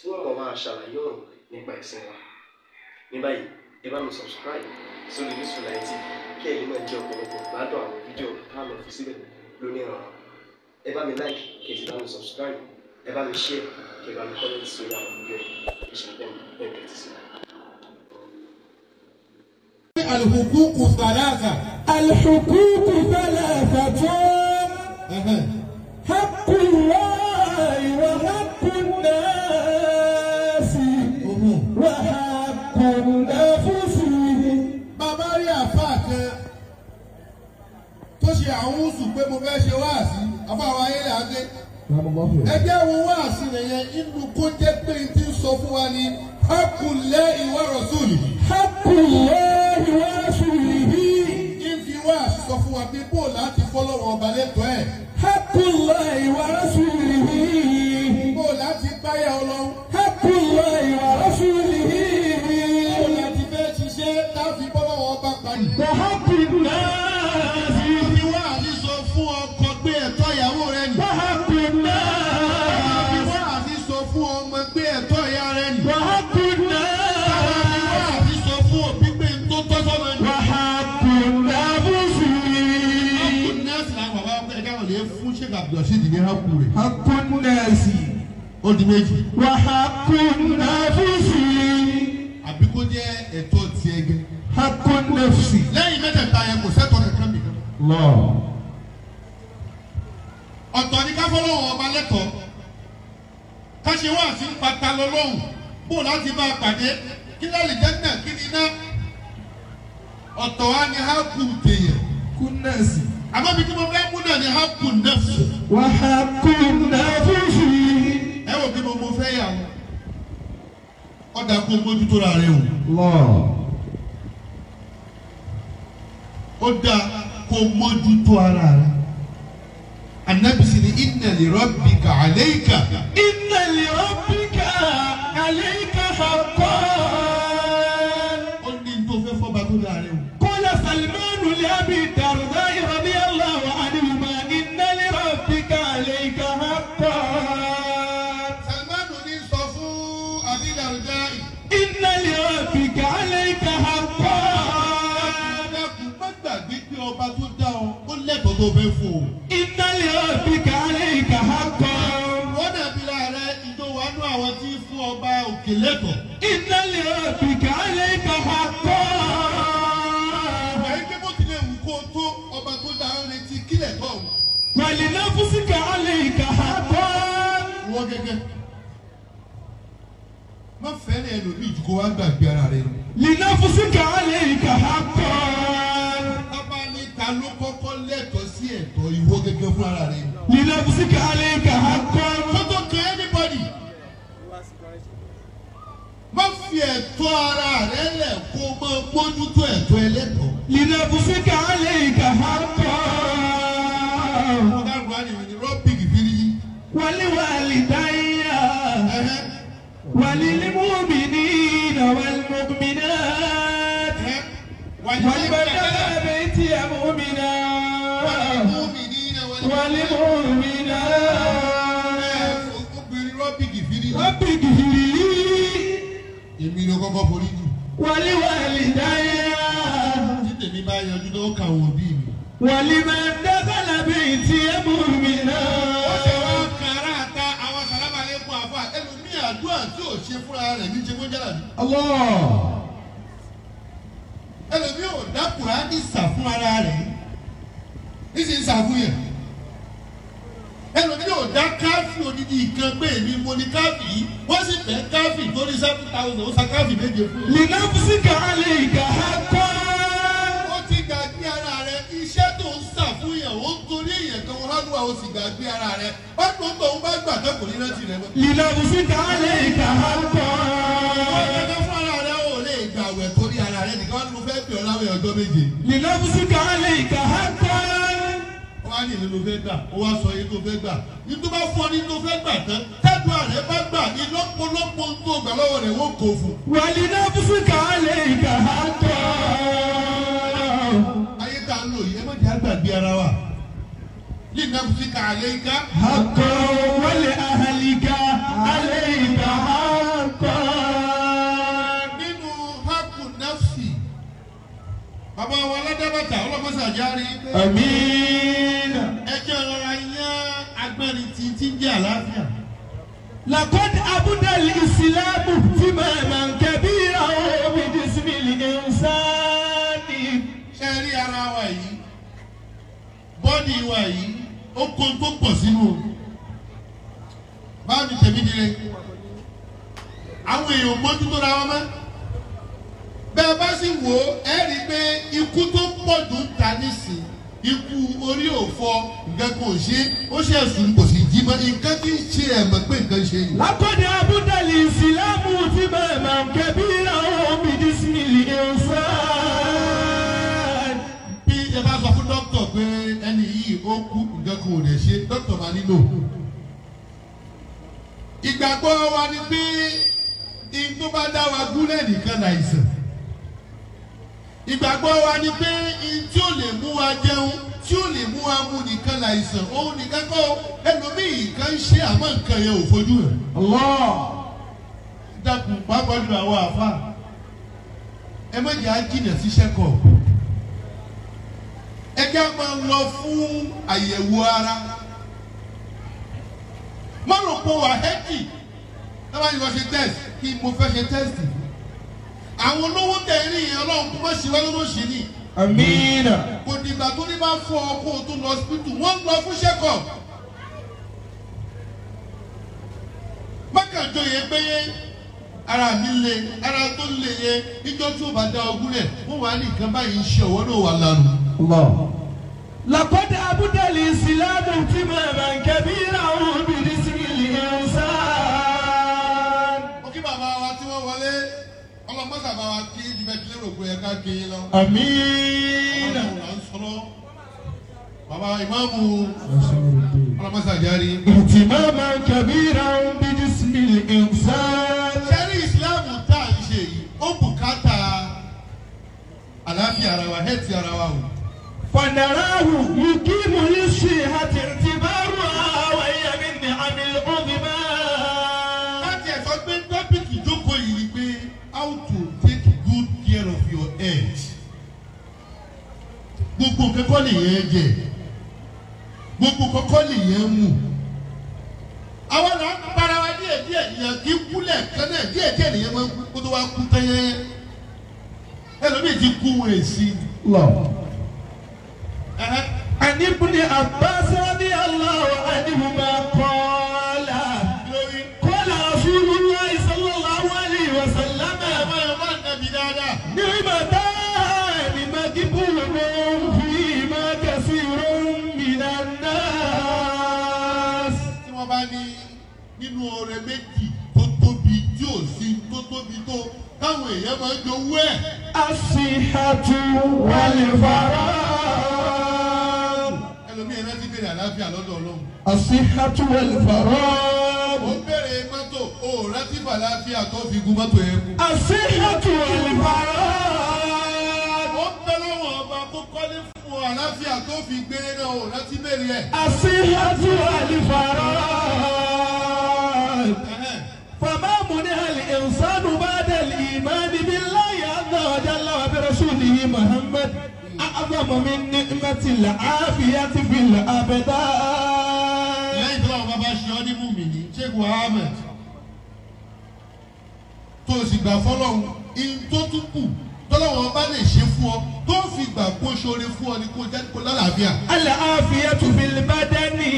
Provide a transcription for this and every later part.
tí wọ́n mọ̀ máa ṣàlàyé ọ̀rọ̀ nípa ẹ̀sìn wa ní báyìí ẹ bá mi subscribe sórí Yusufullahi TV kí ẹ̀yin náà jẹ́ ọ̀pọ̀lọpọ̀ gbádùn àwọn fídíò tá a lọ fi síbẹ̀ lónìí ọ̀rọ̀ ẹ bá mi like kí ẹ sì bá mi subscribe ẹ bá mi share kí ẹ bá mi comment sórí àwọn fídíò yìí ìṣẹ̀lẹ̀ ẹ̀ẹ́dẹ̀ ti sí. الحقوق ثلاثة الحقوق ó ṣe àwọn oṣù pé mo fẹ́ ṣe wáàsí àbáwá ayélujá dé ẹgbẹ́ wo wáàsí nìyẹn inú kó jẹ́ pé n ti sọ fún wa ni hakulẹ̀ ìwà rọ̀sùlì. hakulẹ̀ ìwà rọ̀sùlì yìí. kí n fi wáàsí sọ fún wa bí bò láti fọlọ́wọ́ ọba lẹ́tọ̀ọ́ ẹ̀. hakulẹ̀ ìwà rọ̀sùlì yìí. bò láti báyà ọlọ́run. hakulẹ̀ ìwà rọ̀sùlì yìí. bò láti fẹ́ ṣiṣẹ́ láti fọlọ́wọ́ ọba pàdé. di hapu rẹ̀. hakun nẹ́ẹ̀sì. ó di méjì. wà hakun nẹ́ẹ̀fì. àbí kó jẹ́ ẹ̀tọ́ tiẹ̀ gẹ́. hakun nẹ́ẹ̀fì. lẹ́yìn mẹ́tẹ̀ẹ̀ta yẹn kò sẹ́tọ̀ kankan mi. lọ. ọ̀tọ̀ ni káfọ́lọ́ wọn ọba lẹ́tọ̀ọ́ ká wá sí pátá lọ́lọ́hùn bó láti máa pàdé kí lálẹ́ jẹ́ kí ni ná ọ̀tọ̀ wa ni hákù tèèyàn. kúnẹ́ẹ̀sì àmọ́ bí tí mo fẹ́ mú náà ni hapu nẹ́fù. wà á kú nẹ́fù i. ẹ wò pé mo mo fẹ́ yà wọ́n ọ̀dà kó mójútó ra rẹ̀ o. ó dáa kó mójútó ara rẹ̀ anabi inna li rabbika Aleika. inna li rabbika alayka haqqan. fẹ́ fò. ìtàlẹ̀ òbí kàárẹ̀ ìkà á kọ́. wọ́n dàbí ààrẹ ìjọ wa nú àwọn tí fún ọba òkè lẹ́kọ̀ọ́. ìtàlẹ̀ òbí kàárẹ̀ ìkà á kọ́. àwọn ẹgbẹ́ bó tilẹ̀ wù kó tó ọba tó dá ń retí kílẹ̀ kọ́. pẹ̀lú náà fúsí kàárẹ̀ ìkà á kọ́. wọ́n gẹ́gẹ́ má fẹ́ lẹ́yìn lómi ìdúgbò wa gbàgbé ara rẹ. lìnà fúsí kàárẹ̀ ìkà á kọ́. gan fún ara rẹ. nínú ẹbùsí kàálẹ̀ kàá kọ́. fọ́tò kan anybody. má fi ẹ̀tọ́ ara rẹ lẹ̀ kó o mójútó ẹ̀tọ́ ẹlẹ́tọ̀ọ́. nínú ẹbùsí kàálẹ̀ kàá kọ́. mo dárò wá nìyẹn ní mú mi ní ìnáwó ẹlẹ́mọ̀gbìnrin náà. wálé bá èmi ló kọ́kọ́ forí jù. wọlé wà lè dáyé rà. tí tèmi bá yanjú tó kà wọ́n bí mi. wọlé máa ń dábàlà bí ti ẹ̀mú mi náà. ọ̀sẹ̀ wọn kàrà ta àwọn sàlámà lẹ́kọ̀ọ́ àbọ̀ ẹlòmíì àdúrà tí ò ṣe fúnra rẹ̀ ní ṣe fún jálàbí. ẹlòmíì ò dákùrá ní sàfún ara rẹ̀ ní sì ń sàfún yẹn ẹlòmíì ò dá káfíò nídìí kan pé èmi mo ní ká seven thousand ó sàkáàfì méje fún un. lìnàfíìsì kan lè gà á kọ́. ó ti gbàgbé ara rẹ iṣẹ́ tó ń sà fún yẹn ó ń torí èèyàn kan hánúwà o sì gbàgbé ara rẹ ọdún tó ń bá gbà tó kò ní rántí rẹ mọ́. lìnàfíìsì kan lè gà á kọ́. ọ̀gá fún ara rẹ ò lè gbàwẹ̀ torí ara rẹ nìkan ló fẹ́ bí ọ̀làwẹ̀ ọjọ́ méje. lìnàfíìsì kan lè gà á kọ́ wọ́n á ní ìlú ló fẹ́ gbà ó wá sọ yìí ló fẹ́ gbà ní tó bá ní ló fẹ́ gbà tán rẹ bá gbà ní lọ́pọ̀lọpọ̀ tó gbà lọ́wọ́ rẹ̀ wọ́n kò fún. wàlí náà fúnfú kà á lè kà á tọ́. ayé tá a lò yìí ẹ má jẹ́ àgbàgbé ara wa. lè náà fúnfú kà á lè ká. àkọ́ wọlé ahàlìkà á lè kà á kọ́. nínú hákù náfsì bàbá wa aládàbàtà ọlọ́mọṣà járe. àmín. ẹ jẹ́ ọ̀rọ̀ agbẹ́rin tí tí ń jẹ́ àlàáfíà. لقد عبد الإسلام اهتماما كبيرا بجسم الإنسان ṣẹ́rí ara wa yìí bọ́dì wa yìí ó kó tó pọ̀ sínú o báwo ni tèmi dire àwọn èèyàn mójútó ra wọn mọ́ bẹ́ẹ̀ bá sì wò ó ẹ́ rí i pé ikú tó pọ̀ jù ń ta nísìnyí ikú orí òfò nǹkan kan ò ṣe ó ṣe ẹ̀sùn kò sì jí mọ́ nǹkan tí ń ṣe ẹ̀ mọ̀ pé nǹkan ṣe yìí. lákòdì abúdàlì ìsìlámù tí bẹ́ẹ̀ máa ń kẹ́ bí àwọn omi dísìmìlì ẹ̀fọ́n. bí ẹ bá sọ fún dókítà pé ẹni yìí ó kú nǹkan kan ò ṣe dókítà máa nílò. ìgbàgbọ́ wa ni pé inú bá dá wa gúnlẹ̀ nìkan láìsàn ìgbàgbọ́ wa ni pé tí ó lè mú wa jẹun tí ó lè mú wa mu nìkan làìsàn òun nìkan kọ́ ẹlòmíì kan ṣe àmọ́ nǹkan yẹn ò fojú rẹ̀. Allah dákun pàápàá jù àwọn àfa ẹ má jẹ́ àjìnà síṣẹ́ kọ̀ ẹ jẹ́ àpá lọ fún àyẹ̀wò ara má rò pé wà hẹ́kì tábàyí wọ́n ṣe test kí mo fẹ́ ṣe test àwọn olówó tẹ̀rín yẹn ọlọ́run kó má ṣe wá lọ́lọ́ṣì ni. amiina. kò dìgbà tó ní bá fọ ọkọ tó lọ síbítù wọ́n lọ fún ṣẹ́kọ̀. mákàjọ yẹn pé ara mi le ara tó le yẹ ijó tí o bá da ogún rẹ̀ wọ́n wà ní báyìí ṣe ọwọ́ náà wà lánàá. lọ́kọ́dà abúdàlì ìsìlámù tí màmá kẹ́bí ra òun bí. bàbá wa kí ju bẹ́ẹ̀ tilé rògbò yẹ ká kí yín lọ. amiina. bàbá ìmáàmù ọlọmọsàjárí. ìtìmáàmà kàbíra bí jísìmìlì ìnsán. sẹ́rí ìsìláàmù tá à ń ṣe yìí ó bùkátà àlàáfíà ara wa hẹ́ẹ̀tì ara wa o. fàdàràhù yìí kí mo gbogbo kẹ́kọ́ nìyẹn jẹ gbogbo kọ́kọ́ nìyẹn mú àwọn là ń para wa díẹ̀ díẹ̀ yẹn kí kúlẹ̀ kẹ́lẹ̀ díẹ̀ díẹ̀ nìyẹn máa ń kú kó tó kú tẹ́yẹ́ ẹlòmíì ti kú wọn èsì. ẹni bí ni àbá. táwọn èèyàn máa ń jowú ẹ̀. asihatu walifara. ẹlòmíràn náà ti béèrè àlàáfíà lọ́dọ̀ ọlọ́run. asihatu walifara. ó béèrè mọ́tò ó rántí bàlàáfíà tó fi gun mọ́tò yẹn kú. asihatu walifara. ó bẹ́ lọ́wọ́ ọba kó kọ́lé fún ọ àlàáfíà tó fi gbé e náà ó rántí béèrè ẹ̀. asihatu walifara. منع الإنسان بعد الإيمان بالله عز وجل وبرسوله محمد أعظم من نعمة العافية في الأبدان lẹ́yìn tí wọ́n bá ṣe ọ́ ní mùmìnì Sheikh Ahmed tó o sì gbà fọlọ́hún in tó tún kù tọ́lọ́wọ́n bá lè ṣe fún ọ tó ń fi gbà kó ṣoore fún ọ ni kó jẹ́ kó lálàáfíà. al-afiyatu fil badani.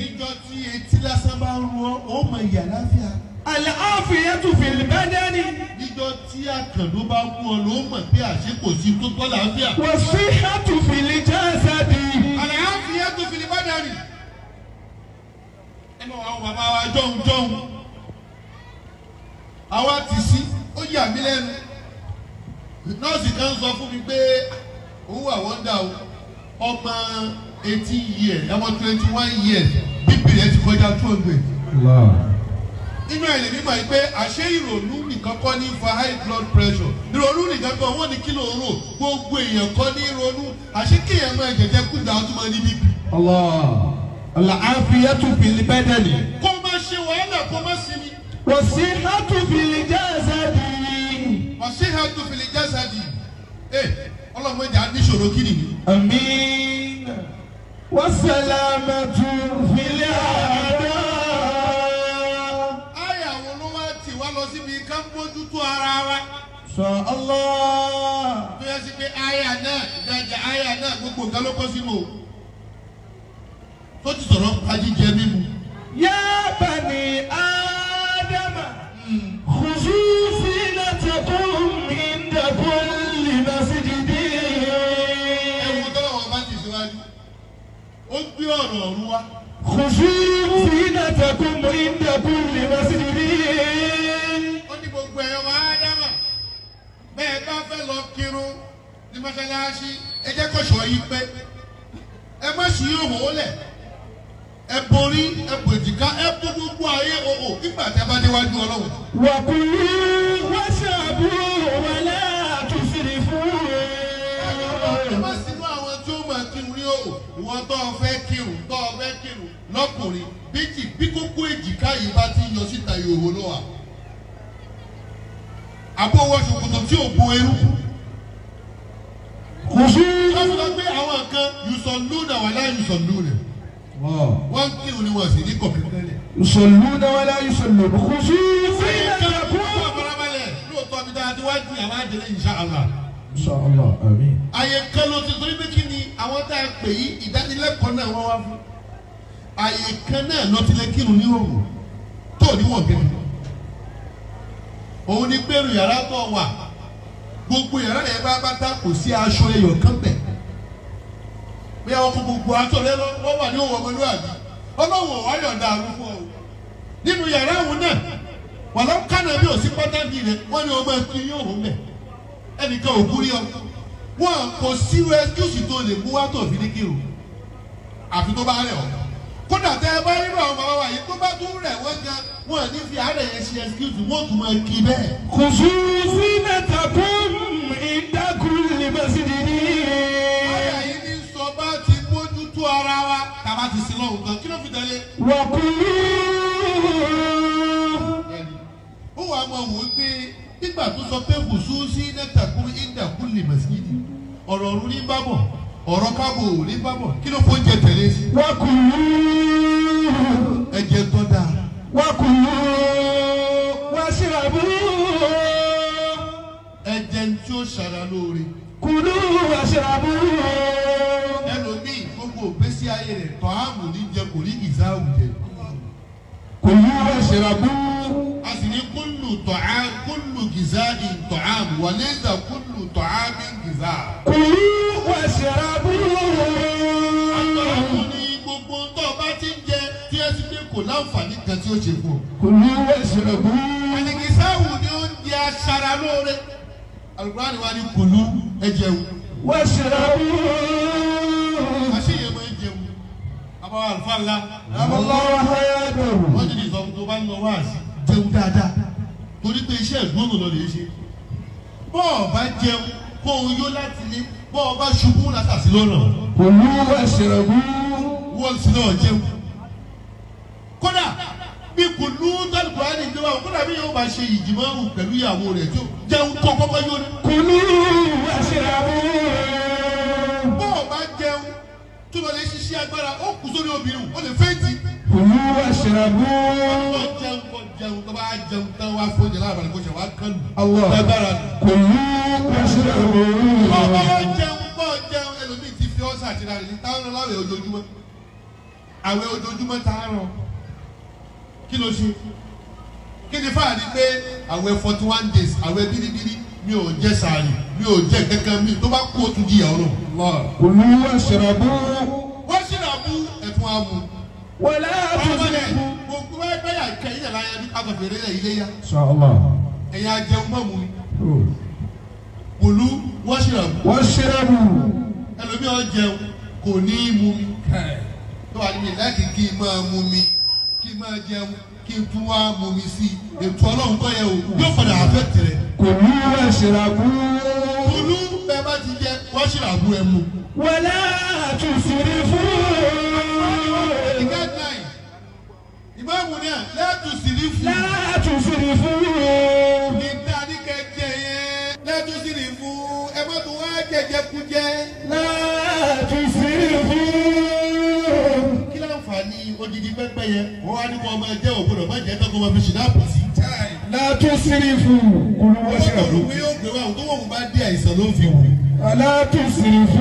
níjọ́ tí etí lásán bá ń rú ọ ó mọ ìyá láfíà àlẹ́ àfihàn tún fìlì bẹ́ẹ̀ dẹ́ni. níjọ tí àkàndó bá mú ọ ló mọ̀ pé àṣẹ kò sí tó tọ́ làáfíà. wò sí àtúfìlì jẹ́ ẹsẹ̀ di. àlẹ́ àfihàn tún fìlì bẹ́ẹ̀ dẹ́ni. ẹ mọ̀ àwọn bàbá wa jọ̀hún jọ̀hún. àwa ti sí ó yà mí lẹ́nu. nọ́ọ̀sì kan sọ fún mi pé òun wà wọ́n o ọmọ eighteen years ọmọ twenty one years bíbélì ẹ ti kọjá two hundred nínú ẹ̀rí mímọ̀ yìí pé àṣé ìrònú nìkan kọ́ ní fa high blood pressure ìrònú nìkan kọ́ wọ́n ní kí ló ń rò gbogbo èèyàn kọ́ ní ronú àṣé kéèyàn máa jẹjẹ kú dáa tó máa ní bíbí. Allah Allah àfiyẹ́tù fìlí bẹ́ẹ̀ ni. kó má ṣe wàhálà kó má sinmi. wàṣí hàtù fìlí jásàdì. wàṣí hàtù fìlí jásàdì. ẹ eh, ọlọ́mọ ìjà níṣòro kí nìyí. àmín wàsálàmàtù síbi ká mójútó ara wa. sọ Allah. tó yẹ sí pé àyà náà ìdájà àyà náà gbogbo nǹkan ló kọ́ sínú o. tó ti sọ̀rọ̀ pa jíjẹ mímu. yá bani ádámà kùsù sílẹ̀ tẹ̀kùn ìdàkùn lìbà sídìdì. ẹ̀wù tọ́lọ́wọ́ bá ti síwájú ó gbé ọ̀rọ̀ ọ̀run wá. kùsù sílẹ̀ tẹ̀kùn ìdàkùn lìbà sídìdì. kírun ní mọ́ṣáláṣí ẹ jẹ́ kó sọ yìí pé ẹ má sì yóò hó lẹ̀ ẹ borí ẹ bò èjìká ẹ bó gbogbo ayé òhò nígbà tí a bá déwájú ọlọ́run. wàkùnrin wọ́n ṣàbúrò wọlé àtúnṣe fún ẹ má sì àwọn tí ó máa kírun ní òhò ìwọ́n tó o fẹ́ kírun tó o fẹ́ kírun lọ́kùnrin bíjì bí kókó èjìká yìí bá ti yọ síta ìhòòhò lọ́wọ́ àbówọ́ ṣòkòtò tí ò bo eruku kùsù. wọ́n fi lọ pé àwọn kan yùsọ̀lúnà wà láyé yùsọ̀lúnà. wọ́n ń kírun ni wọ́n sì ní kọ̀ọ̀kan tẹ́lẹ̀. wà láyé yùsọ̀lúnà kùsù. fún ìkàlẹ̀ kú. fún àbọ̀lábalẹ̀ lóòótọ́ mi dáa tí wọ́n àwọn àjẹlẹ̀ insha Allah. insha àyè kan ló ti torí pé kí ni àwọn tá a pè yí ìdánilẹ́kọ̀ọ́ náà wọ́n wá fún. àyè kan náà lọ ti lè kírun ní òòrùn tó níwọ̀n gẹ̀ẹ́. òun ni pẹ́rù yàrá tó wà gbogbo yàrá yẹn bá bá ta kò sí aṣọ ẹyọ kan bẹ̀ bí àwọn kò gbogbo aṣọ rẹ wọ́n wà ní òwò ọmọlúwàbí ọlọ́wọ̀ wá yọ̀ǹda àrùn fún ọ nínú yàrá òun náà wà lọ́n kánà bí òsín pátánì rẹ wọ́n ní ọmọ ẹkùn yóò rún bẹ̀ ẹnìkan ò kúrí ọ wọn kò sí rẹ kí òsì tó lè mú wá tó fi ní kírun àfi tó bá rẹ̀ ọ̀gá kódà tẹ ẹ bá rírọ àwọn bàbá wa yìí tó bá tún rẹ̀ wọ́n gan wọn ní fi àárẹ̀ yẹn ṣe ẹsikúùtù wọ́n tún máa kí bẹ́ẹ̀. kò sí sí mẹ́ta fún ìdákùnrin lè bá sí di sọ bá ti mójútó ara wa tàbá ti sin lọ́hùn kan kí ló fi tẹ̀lé. wà á kú. ó wàá mọ wò pé nígbà tó sọ pé kò sí sí mẹ́ta fún ìdákùnrin lè ọ̀rọ̀ ọ̀run ní bábọ̀ ọ̀rọ̀ kábò ní bábọ̀ kí ló fọ́ oúnjẹ tẹ̀lé sí. wà á kú. nǹkan tí ó ṣe fún ọ. kò ní wọ́n ìṣẹ̀lẹ̀ bú. àlìkìsáwù ni ó ń di aṣara lóore. alukura ni wàá ní kùlú wù. wọ́n ṣẹlẹ̀ bú. àṣeyẹ̀mọ̀ ẹ̀jẹ̀ wù. àbáwá àlùfáà ńlá. àbáwá ayé wọ́n ti di ìsọ̀kùn tó bá ń lọ wáàsí. jẹun dáadáa. torí pé iṣẹ́ ìgbóhùn lọ lè ṣe. bọ́ọ̀ bá jẹun kó o yó láti ní bọ́ọ̀ bá ṣubú látàsí lọ́nà. kùlú ẹ̀ṣẹ̀ rẹ̀ bú. wọ́n ti náà jẹun. kódà bí kò lú tálùkù á ní ìjọba kó dàbí yóò bá ṣe ìjìmọ̀rù pẹ̀lú ìyàwó rẹ̀ tó jẹun tó kọ́kọ́ yóò ní. kò lú àṣìràbù. bó o bá jẹun tó lọ lè ṣiṣẹ́ agbára ó kù sórí obìnrin ó lè fẹ́ǹtì. kò lú àṣìràbù. ọ̀pọ̀ jẹun kọ jẹun tó bá jẹun tán wá fún jẹ láàbàlẹ̀ kó ṣe wá kánú. kò lú àṣìràbù. ọ̀pọ̀ jẹun bọ̀ jẹun ẹlòmíì ti fi ọ́ kí ló ṣe kí ni fáàrí pé àwẹ̀ forty one days àwẹ̀ bíríbírí mi ò jẹ sàárì mi ò jẹ kankan mi tó bá kú ó tún jìyà Ọlọ́run. kò ní wọ́n ṣẹlẹ̀ bú. wọ́n ṣẹlẹ̀ bú ẹ̀fún amú. wọlé àtúntò gbogbo ẹgbẹ́ yà kẹ́ ilẹ̀ láyé ní agbègbè rẹ̀ ilé yá. ẹ̀yà jẹun mọ́ mu ni. kòlú wọ́n ṣẹlẹ̀ bú. wọ́n ṣẹlẹ̀ bú. ẹlòmíràn jẹun kò ní í mu mi. tó wà ní mi láti kí n máa mu mi kí n máa jẹun kí n tún wá momi sí i ètò ọlọ́run tó yẹ o yóò padà àfẹ́ tẹ̀rẹ̀. kò ní wẹ̀ ṣèràbù. olú bẹ́ẹ̀ bá ti jẹ wọ́n ṣèràbù ẹ̀ mu. wọlé àtúnṣe fún. ìmáàmù náà látùsí fún. látùsí ní fún. ní tani kẹjẹ yẹn látùsí ní fún ẹ má tún wá jẹjẹ kú jẹ. látùsí. odidi pẹ́pẹ́ yẹn wọ́n wá ní kó ọmọ ẹjẹ́ òbúrò má jẹ́ tọ́kọ ọmọ fi náà pọ̀sí. látún sírífù kúlú wọ́n ṣe àbúrò. wọ́n yóò gbé wa tó wọ́n bá dé àìsàn ló fi wù. látún sírífù.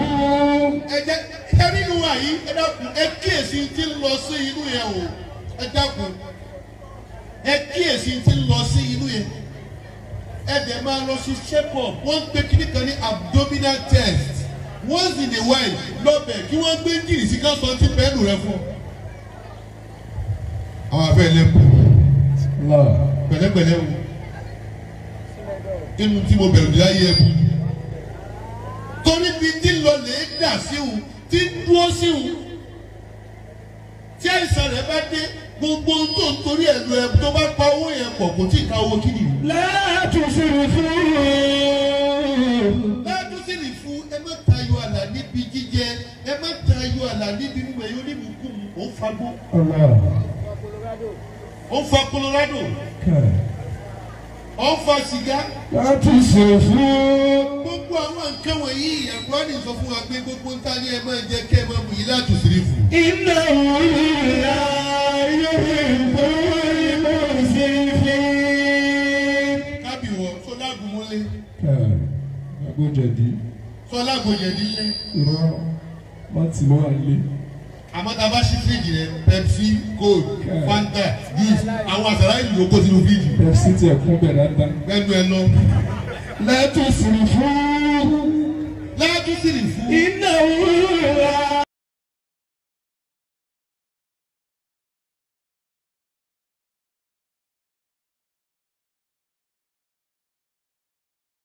ẹ jẹ́ ẹ nínú wa ẹ dákun ẹ kíyèsí tí ń lọ sí inú yẹn o ẹ dákun ẹ kíyèsí tí ń lọ sí inú yẹn ẹ dẹ̀ máa lọ sí shape-up gbé kíní kan ní abdominal test once in a while lọ kí wọ́n gbé jìnnì sí ká sọ ti bẹ́ẹ̀ nù rẹ fún ọ àwọn afẹ́ ẹlẹ́kùn pẹ̀lẹ́pẹ̀lẹ́ o inú tí mo bẹ̀rù láyé ẹ̀kú torí bíi tí lọ lè dà síhù tí dúró síhù tí àìsàn rẹ̀ bá dé gbogbo tó ń torí ẹ̀ lu ẹ̀ tó bá pa owó yẹn pọ̀ kò tí ì ka owó kíni. láàtú sílì fún un. láàtú sílì fún ẹ má tayọ àlà níbi jíjẹ ẹ má tayọ àlà níbi mímọ ẹ yóò níbi kú òun fagbó ó ń fa Colorado ó ń fa sìgá. láti ṣe fún. gbogbo àwọn nǹkan wọ̀nyí ìyàgbọ́ ni sọ fún wa pé gbogbo ń ta ẹ máa jẹ kẹ́ ẹ máa bù yí láti ṣèlè fún. iná òun ìlà yóò gbó ìmọ̀ òṣèlú. kábíwọ̀ sọlá gùnmọ́lé. agbójẹ̀dí. sọlá gùnjẹ̀dí lé. ìrọ̀ máa tì mọ́ àlè àmọ́ tá a bá ṣí fíríjì rẹ pepsi coke fanta juice àwọn àṣàrà ìlú ló kó sínú fíríjì. pepsi tiẹ̀ kún bẹ̀rẹ̀ àgbà. bẹ́ẹ̀ni ẹ lọ. lẹ́tùsìrì fún. lẹ́tùsìrì fún. iná wúrà.